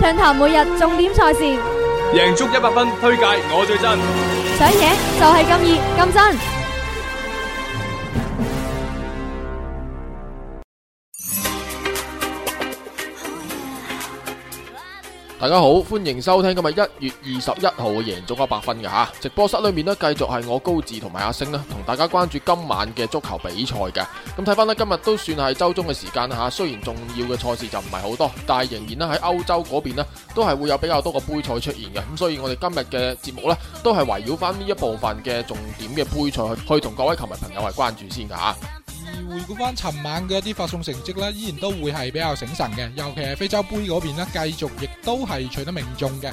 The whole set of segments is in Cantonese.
暢談每日重點賽事，贏足一百分，推介我最真，想贏就係咁易咁真。大家好，歡迎收聽今日一月二十一號嘅贏足 100FUN 嘅吓，直播室裏面呢，繼續係我高志同埋阿星呢同大家關注今晚嘅足球比賽嘅。咁睇翻呢，今日都算係周中嘅時間吓，雖然重要嘅賽事就唔係好多，但係仍然呢喺歐洲嗰邊呢，都係會有比較多個杯賽出現嘅。咁所以我哋今日嘅節目呢，都係圍繞翻呢一部分嘅重點嘅杯賽去，同各位球迷朋友係關注先嘅吓。回顧翻尋晚嘅一啲發送成績咧，依然都會係比較醒神嘅，尤其係非洲杯嗰邊咧，繼續亦都係取得命中嘅。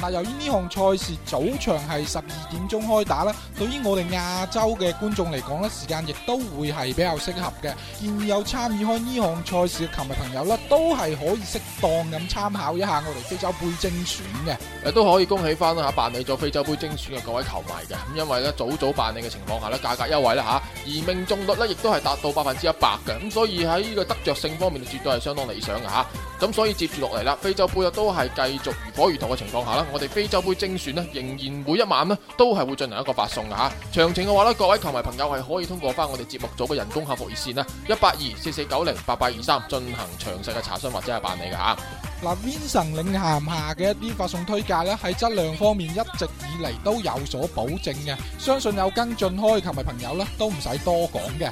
嗱，由於呢項賽事早場係十二點鐘開打啦，對於我哋亞洲嘅觀眾嚟講呢，時間亦都會係比較適合嘅。現有參與開呢項賽事嘅球迷朋友呢，都係可以適當咁參考一下我哋非洲杯精選嘅，都可以恭喜翻啦嚇辦理咗非洲杯精選嘅各位球迷嘅。咁因為呢，早早辦理嘅情況下呢，價格優惠啦嚇，而命中率呢亦都係達到百分之一百嘅，咁所以喺呢個得著性方面絕對係相當理想嘅嚇。咁所以接住落嚟啦，非洲杯啊都係繼續如火如荼嘅情況下啦，我哋非洲杯精選咧仍然每一晚咧都係會進行一個發送嘅吓。詳情嘅話咧，各位球迷朋友係可以通過翻我哋節目組嘅人工客服熱線啦，一八二四四九零八八二三進行詳細嘅查詢或者係辦理嘅吓。嗱，Vincent 領銜下嘅一啲發送推介咧，喺質量方面一直以嚟都有所保證嘅，相信有跟進開球迷朋友咧都唔使多講嘅。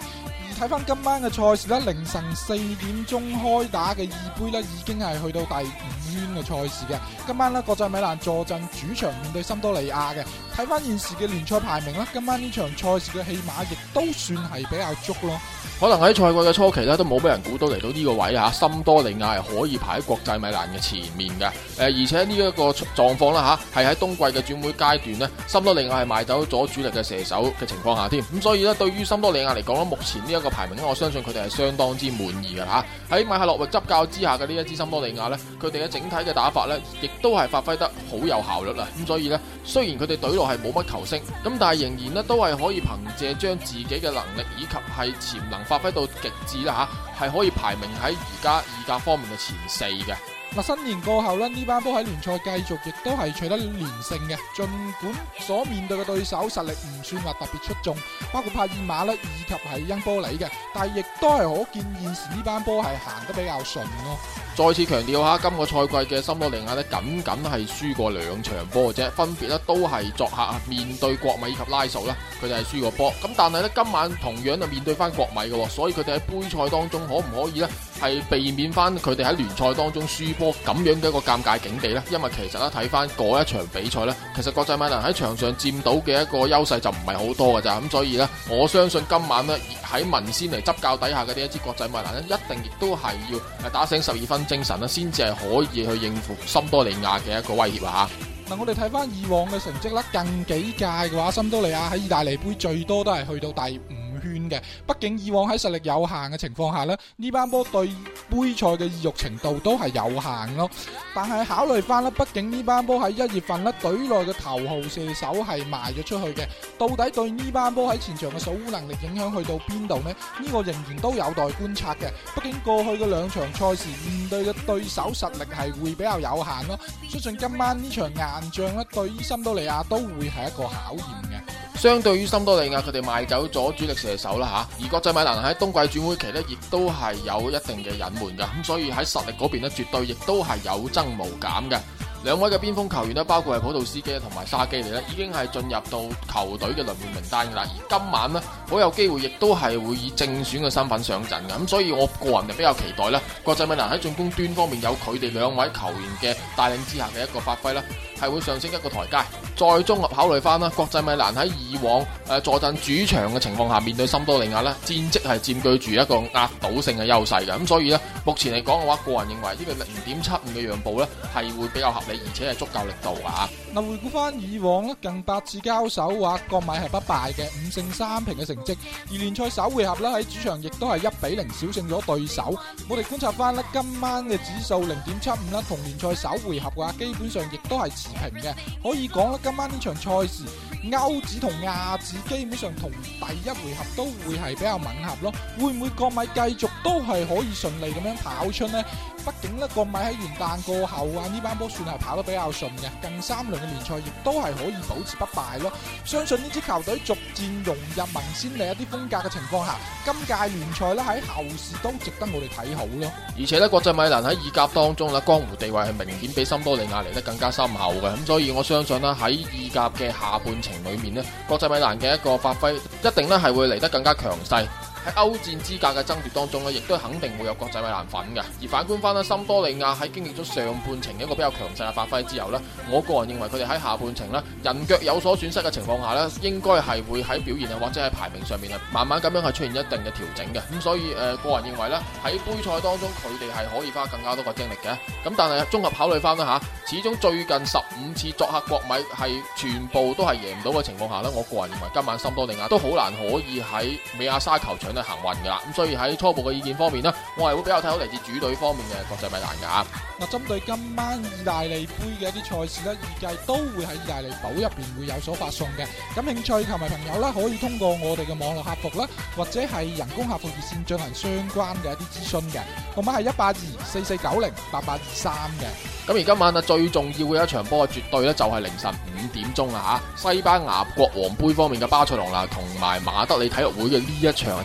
睇翻今晚嘅賽事啦，凌晨四點鐘開打嘅意杯咧，已經係去到第五圈嘅賽事嘅。今晚咧，國際米蘭坐鎮主場面對森多利亞嘅。睇翻現時嘅聯賽排名啦，今晚呢場賽事嘅戲碼亦都算係比較足咯。可能喺賽季嘅初期咧，都冇俾人估到嚟到呢個位吓。森多利亞係可以排喺國際米蘭嘅前面嘅。誒，而且呢一個狀況啦吓，係喺冬季嘅轉會階段呢，森多利亞係賣走咗主力嘅射手嘅情況下添。咁所以呢，對於森多利亞嚟講咧，目前呢一個排名，我相信佢哋係相當之滿意嘅吓。喺馬克洛域執教之下嘅呢一支森多利亞呢，佢哋嘅整體嘅打法呢，亦都係發揮得好有效率啦。咁所以呢，雖然佢哋隊落係冇乜球星，咁但係仍然呢都係可以憑借將自己嘅能力以及係潛能。發揮到極致啦嚇，係可以排名喺而家議價方面嘅前四嘅。新年過後咧，呢班波喺聯賽繼續亦都係取得連勝嘅，盡管所面對嘅對手實力唔算話特別出眾，包括帕爾馬呢以及係因波里嘅，但係亦都係可見現時呢班波係行得比較順咯。再次強調下，今個賽季嘅森諾利亞呢僅僅係輸過兩場波嘅啫，分別呢都係作客面對國米以及拉素啦，佢哋係輸過波。咁但係呢今晚同樣就面對翻國米嘅，所以佢哋喺杯賽當中可唔可以呢？係避免翻佢哋喺聯賽當中輸波咁樣嘅一個尷尬境地呢，因為其實呢睇翻嗰一場比賽呢，其實國際米蘭喺場上佔到嘅一個優勢就唔係好多㗎咋，咁所以呢，我相信今晚呢喺文仙嚟執教底下嘅呢一支國際米蘭呢，一定亦都係要打醒十二分精神啦，先至係可以去應付森多利亞嘅一個威脅啊，吓，嗱，我哋睇翻以往嘅成績咧，近幾屆嘅話，森多利亞喺意大利杯最多都係去到第五。嘅，畢竟以往喺實力有限嘅情況下咧，呢班波對杯賽嘅意欲程度都係有限咯。但係考慮翻啦，畢竟呢班波喺一月份咧，隊內嘅頭號射手係賣咗出去嘅，到底對呢班波喺前場嘅數能力影響去到邊度呢？呢、這個仍然都有待觀察嘅。畢竟過去嘅兩場賽事面對嘅對手實力係會比較有限咯。相信今晚呢場硬仗咧，對於桑多利亞都會係一個考驗的。相對於森多利亞，佢哋賣走咗主力射手啦，而國際米蘭喺冬季轉會期咧，亦都係有一定嘅隱瞞嘅，咁所以喺實力嗰邊咧，絕對亦都係有增無減嘅。兩位嘅邊鋒球員咧，包括係普杜斯基同埋沙基里咧，已經係進入到球隊嘅輪換名單㗎啦。而今晚咧，好有機會亦都係會以正選嘅身份上陣嘅。咁所以我個人就比較期待咧，國際米蘭喺進攻端方面有佢哋兩位球員嘅帶領之下嘅一個發揮咧，係會上升一個台階。再綜合考慮翻啦，國際米蘭喺以往誒、呃、坐鎮主場嘅情況下，面對森多利亞咧，戰績係佔據住一個壓倒性嘅優勢嘅。咁所以咧，目前嚟講嘅話，我個人認為呢個零點七五嘅讓步咧，係會比較合理。而且係足夠力度啊！嗱，回顧翻以往咧，近八次交手嘅話，國米係不敗嘅五勝三平嘅成績。而聯賽首回合呢，喺主場亦都係一比零小勝咗對手。我哋觀察翻呢今晚嘅指數零點七五啦，同聯賽首回合嘅話，基本上亦都係持平嘅。可以講呢，今晚呢場賽事，歐指同亞指基本上同第一回合都會係比較吻合咯，會唔會國米繼續都係可以順利咁樣跑出呢？畢竟呢國米喺元旦過後啊呢班波算係跑得比較順嘅，近三輪嘅聯賽亦都係可以保持不敗咯。相信呢支球隊逐漸融入文先利一啲風格嘅情況下，今屆聯賽咧喺後市都值得我哋睇好咯。而且呢，國際米蘭喺意甲當中啦，江湖地位係明顯比森多利亞嚟得更加深厚嘅，咁所以我相信啦喺意甲嘅下半程。裏面咧，國際米蘭嘅一個發揮，一定咧係會嚟得更加強勢。喺歐戰資格嘅爭奪當中咧，亦都肯定會有國際米蘭粉嘅。而反觀翻呢，森多利亞喺經歷咗上半程一個比較強勢嘅發揮之後呢，我個人認為佢哋喺下半程呢人腳有所損失嘅情況下呢，應該係會喺表現啊或者喺排名上面啊慢慢咁樣係出現一定嘅調整嘅。咁所以誒、呃，個人認為呢喺杯賽當中佢哋係可以花更加多嘅精力嘅。咁但係綜合考慮翻啦吓，始終最近十五次作客國米係全部都係贏唔到嘅情況下呢，我個人認為今晚森多利亞都好難可以喺美亞沙球場。行運噶啦，咁所以喺初步嘅意見方面咧，我係會比較睇好嚟自主隊方面嘅國際米蘭噶吓。嗱，針對今晚意大利杯嘅一啲賽事咧，預計都會喺意大利堡入邊會有所發送嘅。感興趣球迷朋友呢，可以通過我哋嘅網絡客服啦，或者係人工客服熱線進行相關嘅一啲諮詢嘅，號碼係一八二四四九零八八二三嘅。咁而今晚啊，最重要嘅一場波啊，絕對咧就係凌晨五點鐘啦吓，西班牙國王杯方面嘅巴塞羅那同埋馬德里體育會嘅呢一場啊，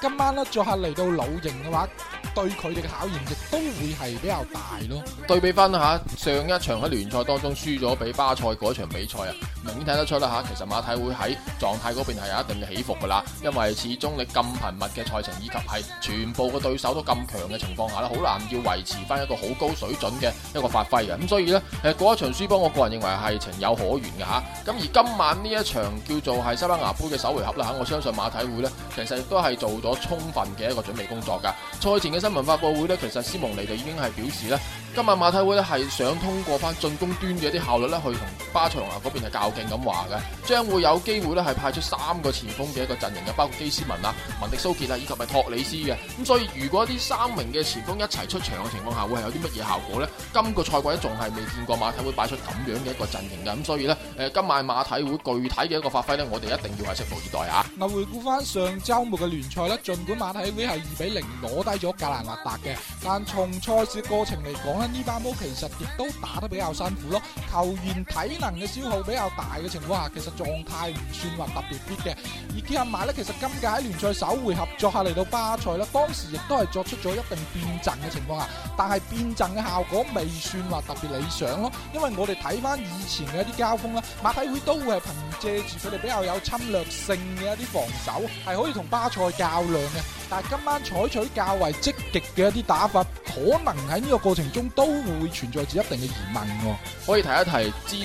今晚咧，再係嚟到老營嘅話。對佢哋嘅考驗亦都會係比較大咯。對比翻吓，上一場喺聯賽當中輸咗俾巴塞嗰一場比賽啊，明顯睇得出啦吓，其實馬體會喺狀態嗰邊係有一定嘅起伏噶啦。因為始終你咁頻密嘅賽程以及係全部嘅對手都咁強嘅情況下咧，好難要維持翻一個好高水準嘅一個發揮嘅。咁所以呢，誒嗰一場輸波，我個人認為係情有可原嘅吓。咁而今晚呢一場叫做係西班牙杯嘅首回合啦吓，我相信馬體會呢，其實亦都係做咗充分嘅一個準備工作噶。賽前嘅。新聞發佈會咧，其實斯蒙尼就已經係表示咧。今晚馬體會咧係想通過翻進攻端嘅一啲效率咧，去同巴塞羅那嗰邊係較勁咁話嘅，將會有機會咧係派出三個前鋒嘅一個陣型嘅，包括基斯文啊、文迪蘇傑啊以及係托里斯嘅，咁所以如果呢三名嘅前鋒一齊出場嘅情況下，會係有啲乜嘢效果咧？今個賽季仲係未見過馬體會擺出咁樣嘅一個陣型嘅，咁所以咧，誒今晚馬體會具體嘅一個發揮咧，我哋一定要係拭目以待啊！嗱，回顧翻上周末嘅聯賽咧，儘管馬體會係二比零攞低咗格蘭納達嘅，但從賽事過程嚟講，呢班波其實亦都打得比較辛苦咯，球員體能嘅消耗比較大嘅情況下，其實狀態唔算話特別必嘅。而且埋呢，其實今屆喺聯賽首回合作客嚟到巴塞咧，當時亦都係作出咗一定變陣嘅情況下，但係變陣嘅效果未算話特別理想咯。因為我哋睇翻以前嘅一啲交鋒咧，馬體會都會係憑借住佢哋比較有侵略性嘅一啲防守，係可以同巴塞較量嘅。但係今晚採取較為積極嘅一啲打法，可能喺呢個過程中都會存在住一定嘅疑問、哦。可以提一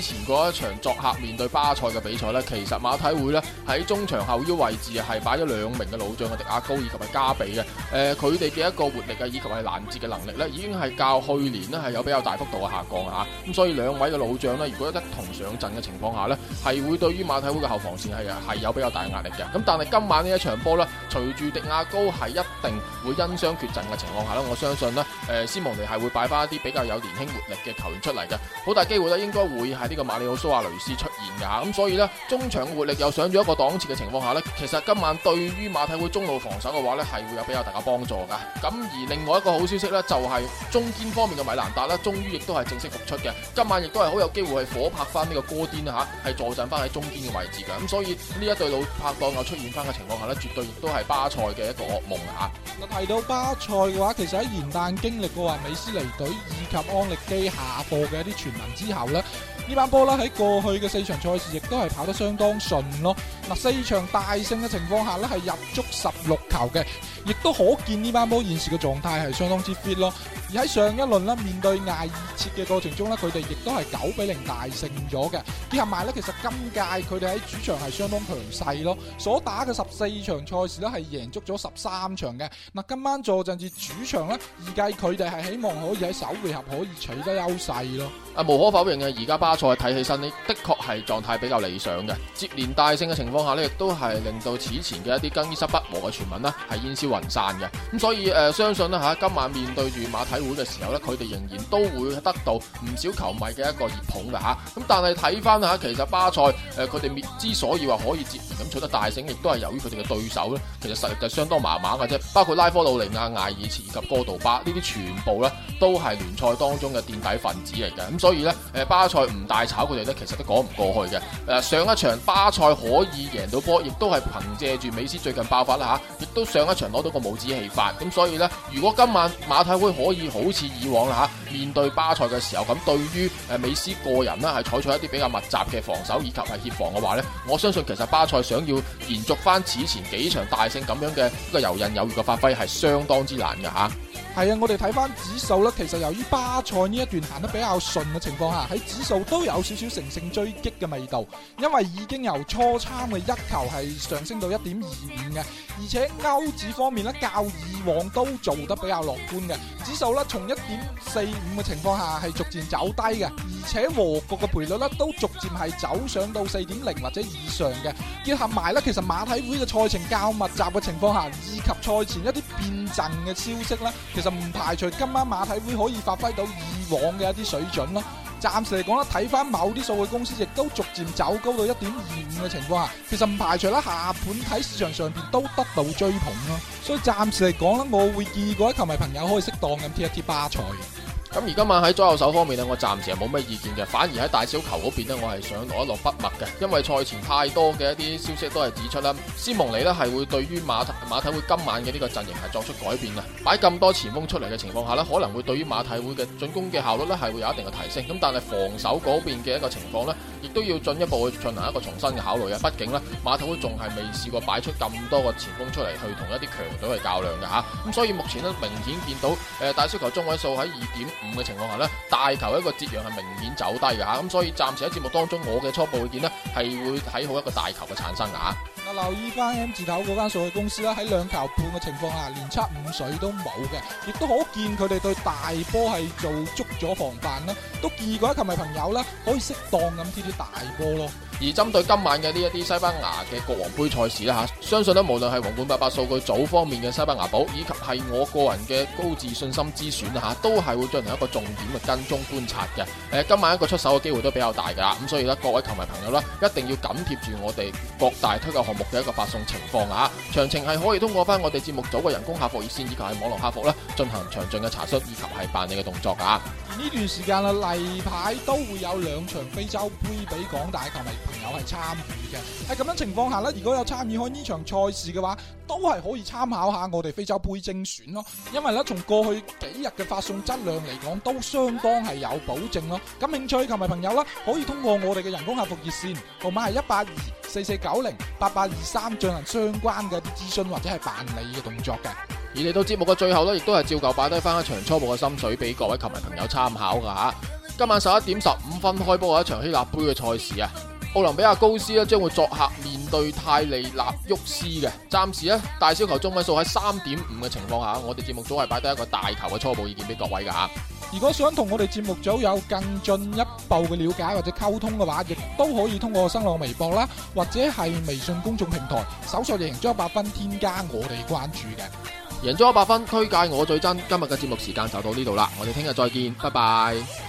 提之前嗰一場作客面對巴塞嘅比賽呢，其實馬體會呢喺中場後腰位置啊，係擺咗兩名嘅老將嘅迪亞高以及嘅加比嘅。誒、呃，佢哋嘅一個活力啊，以及係攔截嘅能力呢，已經係較去年呢係有比較大幅度嘅下降嚇。咁、嗯、所以兩位嘅老將呢，如果一同上陣嘅情況下呢，係會對於馬體會嘅後防線係啊係有比較大壓力嘅。咁、嗯、但係今晚呢一場波呢，隨住迪亞高，係一定會因傷缺陣嘅情況下咧，我相信呢，誒、呃，斯蒙尼係會擺翻一啲比較有年輕活力嘅球員出嚟嘅，好大機會咧，應該會係呢個馬里奧蘇亞雷斯出現㗎。咁所以呢，中場嘅活力又上咗一個檔次嘅情況下呢，其實今晚對於馬體會中路防守嘅話呢，係會有比較大嘅幫助㗎。咁而另外一個好消息呢，就係、是、中堅方面嘅米蘭達呢，終於亦都係正式復出嘅，今晚亦都係好有機會係火拍翻呢個哥癲啦嚇，係坐鎮翻喺中堅嘅位置嘅，咁所以呢一對老拍檔又出現翻嘅情況下呢，絕對亦都係巴塞嘅一個。夢啦嚇！提到巴塞嘅話，其實喺元旦經歷過話美斯離隊以及安力基下課嘅一啲傳聞之後咧。班呢班波呢喺過去嘅四場賽事亦都係跑得相當順咯。嗱、呃，四場大勝嘅情況下呢，係入足十六球嘅，亦都可見呢班波現時嘅狀態係相當之 fit 咯。而喺上一輪呢，面對艾爾切嘅過程中呢，佢哋亦都係九比零大勝咗嘅。結合埋呢，其實今屆佢哋喺主場係相當強勢咯。所打嘅十四場賽事呢係贏足咗十三場嘅。嗱、呃，今晚坐陣至主場呢，預計佢哋係希望可以喺首回合可以取得優勢咯。啊，無可否認嘅，而家巴賽睇起身呢，的確係狀態比較理想嘅，接連大勝嘅情況下呢，亦都係令到此前嘅一啲更衣室不和嘅傳聞呢，係煙消雲散嘅。咁、嗯、所以誒、呃，相信咧吓，今晚面對住馬體會嘅時候呢，佢哋仍然都會得到唔少球迷嘅一個熱捧嘅吓。咁、啊、但係睇翻吓，其實巴塞誒，佢、呃、哋之所以話可以接連咁取得大勝，亦都係由於佢哋嘅對手呢，其實實力就相當麻麻嘅啫。包括拉科魯尼亞、艾爾茨以及哥杜巴呢啲，這些全部呢都係聯賽當中嘅墊底分子嚟嘅。咁、嗯、所以呢，誒、呃，巴塞唔。大炒佢哋咧，其實都講唔過去嘅。誒，上一場巴塞可以贏到波，亦都係憑借住美斯最近爆發啦嚇，亦、啊、都上一場攞到個帽子戲法。咁所以呢，如果今晚馬體會可以好似以往啦嚇、啊，面對巴塞嘅時候咁，對於誒美斯個人咧係採取一啲比較密集嘅防守以及係協防嘅話呢，我相信其實巴塞想要延續翻此前幾場大勝咁樣嘅呢個遊刃有餘嘅發揮係相當之難嘅嚇。啊係啊，我哋睇翻指數咧，其實由於巴塞呢一段行得比較順嘅情況下，喺指數都有少少乘勝追擊嘅味道，因為已經由初參嘅一球係上升到一點二五嘅，而且歐指方面咧較以往都做得比較樂觀嘅，指數咧從一點四五嘅情況下係逐漸走低嘅，而且和局嘅賠率咧都逐漸係走上到四點零或者以上嘅，結合埋咧其實馬體會嘅賽程較密集嘅情況下，以及賽前一啲變陣嘅消息咧，其實。就唔排除今晚馬體會可以發揮到以往嘅一啲水準咯。暫時嚟講咧，睇翻某啲數據公司亦都逐漸走高到一點二五嘅情況下，其實唔排除咧下盤喺市場上邊都得到追捧咯。所以暫時嚟講咧，我會建議各位球迷朋友可以適當咁踢一踢巴塞。咁而今晚喺左右手方面咧，我暫時係冇咩意見嘅，反而喺大小球嗰邊咧，我係想落一落筆墨嘅，因為賽前太多嘅一啲消息都係指出啦，斯蒙尼咧係會對於馬，馬體會今晚嘅呢個陣型係作出改變啦，擺咁多前鋒出嚟嘅情況下呢，可能會對於馬體會嘅進攻嘅效率呢係會有一定嘅提升，咁但係防守嗰邊嘅一個情況呢。亦都要進一步去進行一個重新嘅考慮嘅，畢竟咧馬體會仲係未試過擺出咁多個前鋒出嚟去同一啲強隊去較量嘅嚇，咁、啊、所以目前咧明顯見到誒、呃、大細球中位數喺二點五嘅情況下咧，大球嘅一個折讓係明顯走低嘅嚇，咁、啊、所以暫時喺節目當中我嘅初步意見呢係會睇好一個大球嘅產生嘅、啊。留意翻 M 字頭嗰間數據公司啦，喺兩球半嘅情況下，連七五水都冇嘅，亦都可見佢哋對大波係做足咗防範啦。都建議一啲球迷朋友啦，可以適當咁貼啲大波咯。而針對今晚嘅呢一啲西班牙嘅國王杯賽事啦，相信無論係皇冠八八數據組方面嘅西班牙保，以及係我個人嘅高自信心之選，都係會進行一個重點嘅跟蹤觀察嘅。今晚一個出手嘅機會都比較大㗎，咁所以各位球迷朋友，一定要緊貼住我哋各大推介項目嘅一個發送情況啊！詳情係可以通過翻我哋節目組嘅人工客服熱線，以及係網絡客服進行詳盡嘅查詢，以及係辦理嘅動作。而呢段時間啦，例牌都會有兩場非洲杯畀廣大球迷朋友係參與嘅喺咁樣情況下咧，如果有參與開呢場賽事嘅話，都係可以參考下我哋非洲盃精選咯。因為咧，從過去幾日嘅發送質量嚟講，都相當係有保證咯。咁興趣球迷朋友啦，可以通過我哋嘅人工客服熱線號碼係一八二四四九零八八二三進行相關嘅一啲諮詢或者係辦理嘅動作嘅。而嚟到節目嘅最後咧，亦都係照舊擺低翻一場初步嘅心水俾各位球迷朋友參考㗎嚇。今晚十一點十五分開波嘅一場希臘杯嘅賽事啊！奧林比亞高斯咧將會作客面對泰利納沃斯嘅，暫時大小球中位數喺三點五嘅情況下，我哋節目組係擺低一個大球嘅初步意見俾各位噶吓。如果想同我哋節目組有更進一步嘅了解或者溝通嘅話，亦都可以通過新浪微博啦，或者係微信公眾平台，搜索「贏足一百分」，添加我哋關注嘅。贏足一百分，推介我最真。今日嘅節目時間就到呢度啦，我哋聽日再見，拜拜。